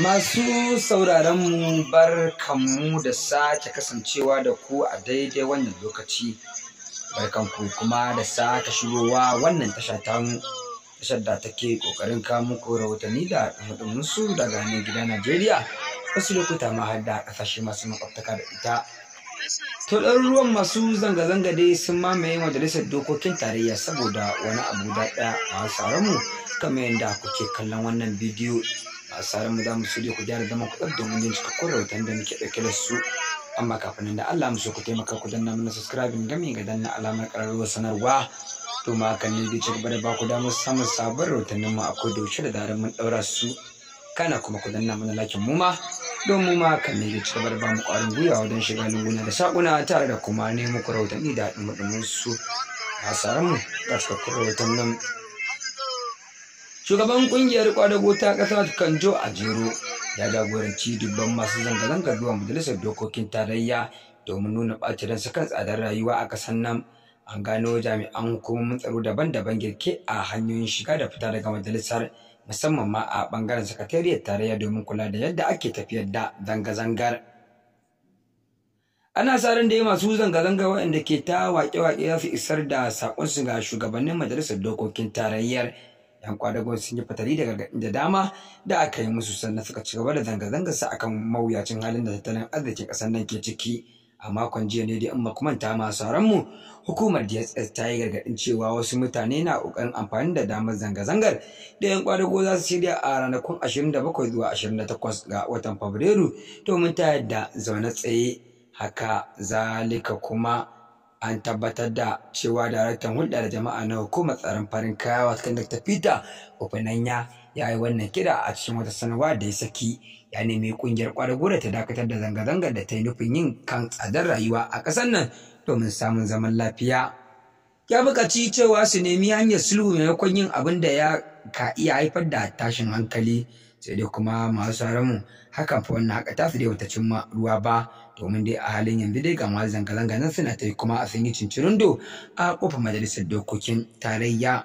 Masu mu bar kanmu da sake kasancewa da ku a daidai wannan lokaci. Barkanku kuma da sake shigowa wannan tasha tashar da take ƙoƙarin kamun ko rahotanni da su daga ne gida Najeriya wasu lokuta ma har da ƙasashe masu makwabtaka da ita. To ruwan masu zanga-zanga dai sun mamaye majalisar dokokin tarayya saboda wani abu da ɗaya a kamar yadda kuke kallon wannan bidiyo a mu za mu da ku gyara zaman ku domin jin cikakkun rahoton da muke ɗauke da su amma kafin da Allah mu so ku taimaka ku danna mana subscribing game ga danna alamar ƙararrawar sanarwa to ma hakan ne zai ci gaba da ba ku damar samun sabon rahotannin mu akwai daushe da zarar mun ɗaura su kana kuma ku danna mana lakin mu ma don mu ma hakan ne zai ci ba mu ƙwarin gwiwa wajen shiga lunguna da saƙuna tare da kuma nemo ku rahotanni da haɗin mu su a tsarin mu ga cikakkun rahotannin shugaban kungiyar kwadago ta ƙasa kanjo a jero ya jagoranci dubban masu zanga zanga zuwa majalisar dokokin tarayya domin nuna ɓacin su kan tsadar rayuwa a ƙasar nan an gano jami'an hukumomin tsaro daban-daban girke a hanyoyin shiga da fita daga majalisar musamman ma a ɓangaren sakatariyar tarayya domin kula da yadda ake tafiyar da zanga-zangar ana sa ran da masu zanga-zanga waɗanda ke ta waƙe-waƙe za su isar da saƙonsu ga shugabannin majalisar dokokin tarayyar yan kwadagon sun yi fatali da gargaɗin da dama da aka yi musu sannan suka ci gaba da zanga-zangar su akan mawuyacin halin da tattalin arzikin ƙasar nan ke ciki a makon jiya ne dai in kuma manta masu mu hukumar DSS ta yi gargaɗin cewa wasu mutane na ƙoƙarin amfani da damar zanga-zangar da yan kwadago za su shirya a ranakun 27 zuwa 28 ga watan Fabrairu domin ta yadda zauna tsaye haka zalika kuma an tabbatar da cewa daraktan hulɗa da jama'a na hukumar tsaron farin kaya wato Dr. Peter Openanya ya yi wannan kira a cikin wata sanarwa da ya saki ya nemi kungiyar kwaragura ta dakatar da zanga-zangar da ta yi nufin yin kan tsadar rayuwa a ƙasar nan domin samun zaman lafiya. Ya buƙaci cewa su nemi hanyar sulhu maimakon yin abin da ya ka iya haifar da tashin hankali. sai dai kuma masu sauran mu hakan fa wannan haka tasu dai wata cimma ruwa ba domin dai a halin yanzu dai ga masu zanga-zanga nan suna ta kuma a sun yi cincirindo a kofar majalisar dokokin tarayya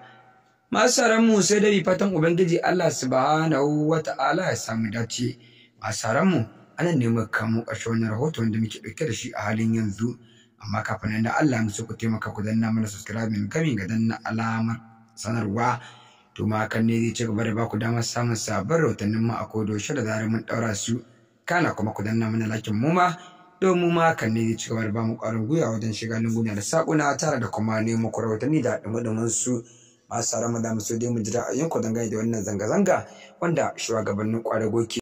masu sauran mu sai dai fatan ubangiji Allah subhanahu wa ta'ala ya samu dace masu mu anan ne muka kamo ƙarshe wannan rahoton wanda muke ɗauke da shi a halin yanzu amma kafin nan da Allah mu ku taimaka ku danna mana subscribe min kami ga danna alamar sanarwa to ma hakan ne zai ci gaba da ba damar samun sabon rahotannin mu a kodayaushe da zarar mun ɗaura su kana kuma ku danna mana lakin mu ma Domin mu ma hakan ne zai ci gaba da bamu ƙwarin gwiwa wajen shiga lunguna da saƙuna tare da kuma nemo ku rahotanni da ɗumuɗumin su masu sauran mu da mu so dai mu ji ku dangane da wannan zanga-zanga wanda shugabannin ƙwarago ke